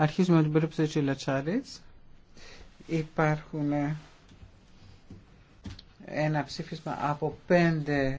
Αρχίζουμε με την περίπτωση της Λατσάρης. Υπάρχουν ένα ψήφισμα από πέντε